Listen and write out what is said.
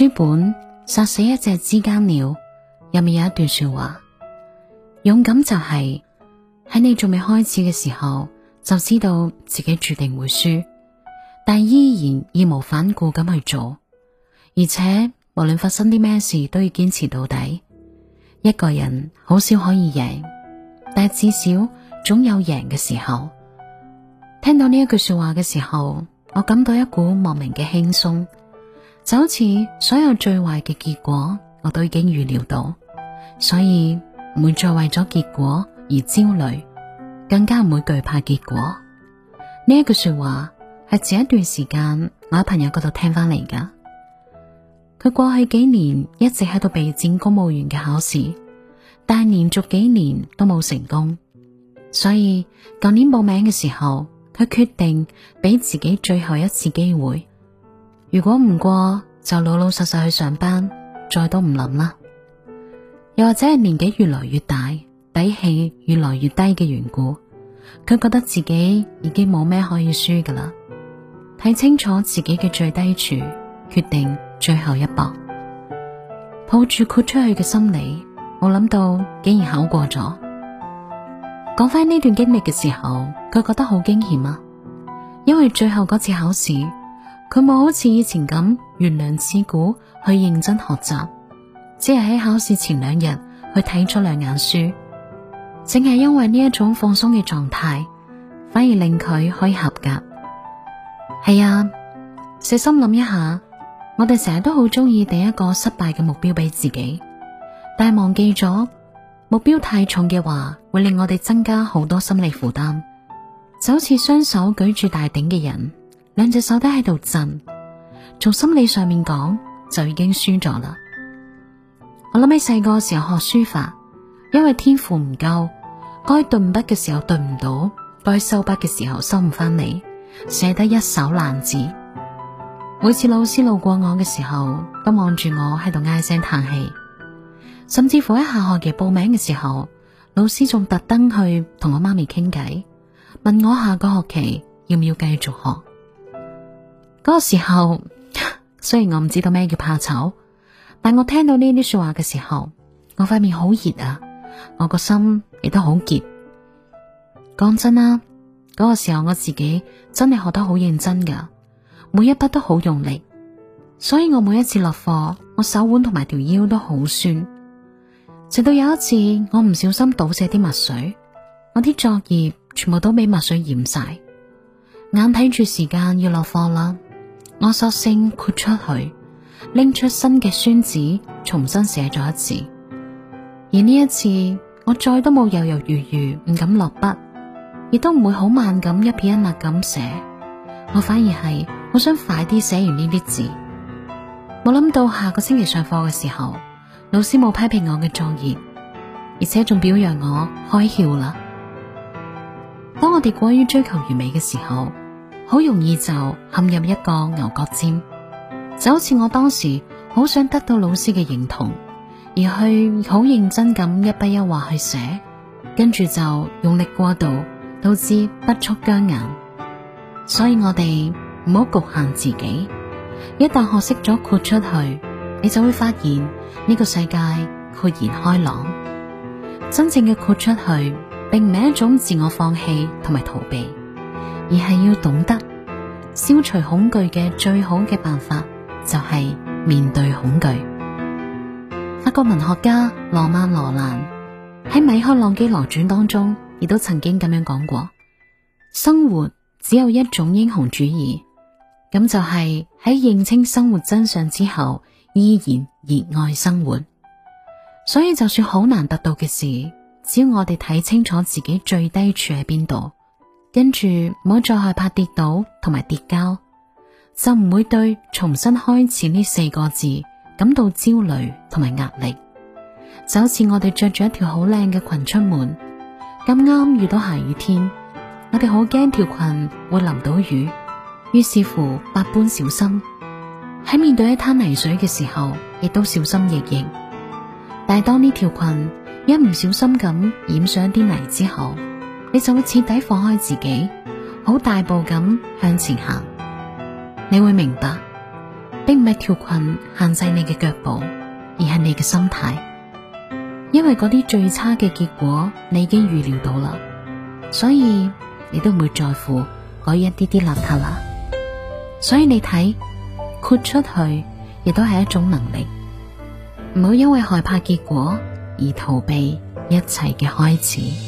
書本殺死一隻知更鳥，入面有一段說話：勇敢就係、是、喺你仲未開始嘅時候，就知道自己注定會輸，但依然義無反顧咁去做，而且無論發生啲咩事都要堅持到底。一個人好少可以贏，但至少總有贏嘅時候。聽到呢一句說話嘅時候，我感到一股莫名嘅輕鬆。就好似所有最壞嘅結果，我都已經預料到，所以唔會再為咗結果而焦慮，更加唔會懼怕結果。呢一句說話係前一段時間我喺朋友嗰度聽翻嚟噶。佢過去幾年一直喺度備戰公務員嘅考試，但係連續幾年都冇成功，所以舊年報名嘅時候，佢決定俾自己最後一次機會。如果唔過，就老老實實去上班，再都唔諗啦。又或者係年紀越來越大，底氣越來越低嘅緣故，佢覺得自己已經冇咩可以輸噶啦。睇清楚自己嘅最低處，決定最後一搏，抱住豁出去嘅心理，冇諗到竟然考過咗。講返呢段經歷嘅時候，佢覺得好驚險啊，因為最後嗰次考試。佢冇好似以前咁懸梁刺股去認真學習，只係喺考試前兩日去睇咗兩眼書，正係因為呢一種放鬆嘅狀態，反而令佢可以合格。係啊，細心諗一下，我哋成日都好中意定一個失敗嘅目標俾自己，但係忘記咗目標太重嘅話，會令我哋增加好多心理負擔，就好似雙手舉住大頂嘅人。兩隻手都喺度震，從心理上面講就已經輸咗啦。我諗起細個時候學書法，因為天賦唔夠，該頓筆嘅時候頓唔到，該收筆嘅時候收唔翻嚟，寫得一手爛字。每次老師路過我嘅時候，都望住我喺度唉聲嘆氣。甚至乎喺下學期報名嘅時候，老師仲特登去同我媽咪傾偈，問我下個學期要唔要繼續學。嗰個時候，雖然我唔知道咩叫怕醜，但我聽到呢啲說話嘅時候，我塊面好熱啊，我個心亦都好澀。講真啦，嗰、嗰個時候我自己真係學得好認真噶，每一筆都好用力，所以我每一次落課，我手腕同埋條腰都好酸。直到有一次我唔小心倒瀉啲墨水，我啲作業全部都俾墨水染晒，眼睇住時間要落課啦。我索性豁出去，拎出新嘅宣紙，重新寫咗一次。而呢一次，我再都冇猶猶豫豫唔敢落筆，亦都唔會好慢咁一片一墨咁寫。我反而係，我想快啲寫完呢啲字。冇諗到下個星期上課嘅時候，老師冇批評我嘅作業，而且仲表揚我開竅啦。當我哋過於追求完美嘅時候，好容易就陷入一個牛角尖，就好似我當時好想得到老師嘅認同，而去好認真咁一筆一畫去寫，跟住就用力過度，導致筆觸僵硬。所以我哋唔好局限自己，一旦學識咗豁出去，你就會發現呢個世界豁然開朗。真正嘅豁出去，並唔係一種自我放棄同埋逃避，而係要懂得消除恐懼嘅最好嘅辦法，就係面對恐懼。法國文學家羅曼羅蘭喺《米開朗基羅傳》當中，亦都曾經咁樣講過：生活只有一種英雄主義，咁就係喺認清生活真相之後，依然熱愛生活。所以，就算好難得到嘅事，只要我哋睇清楚自己最低處喺邊度。跟住唔好再害怕跌倒同埋跌跤，就唔會對重新開始呢四個字感到焦慮同埋壓力。就好似我哋着住一條好靚嘅裙出門，咁啱遇到下雨天，我哋好驚條裙會淋到雨，於是乎百般小心。喺面對一灘泥水嘅時候，亦都小心翼翼。但係當呢條裙一唔小心咁染上一啲泥之後，你就會徹底放開自己，好大步咁向前行。你會明白，並唔係條裙限制你嘅腳步，而係你嘅心態。因為嗰啲最差嘅結果你已經預料到啦，所以你都唔會在乎嗰一啲啲邋遢啦。所以你睇，豁出去，亦都係一種能力。唔好因為害怕結果而逃避一切嘅開始。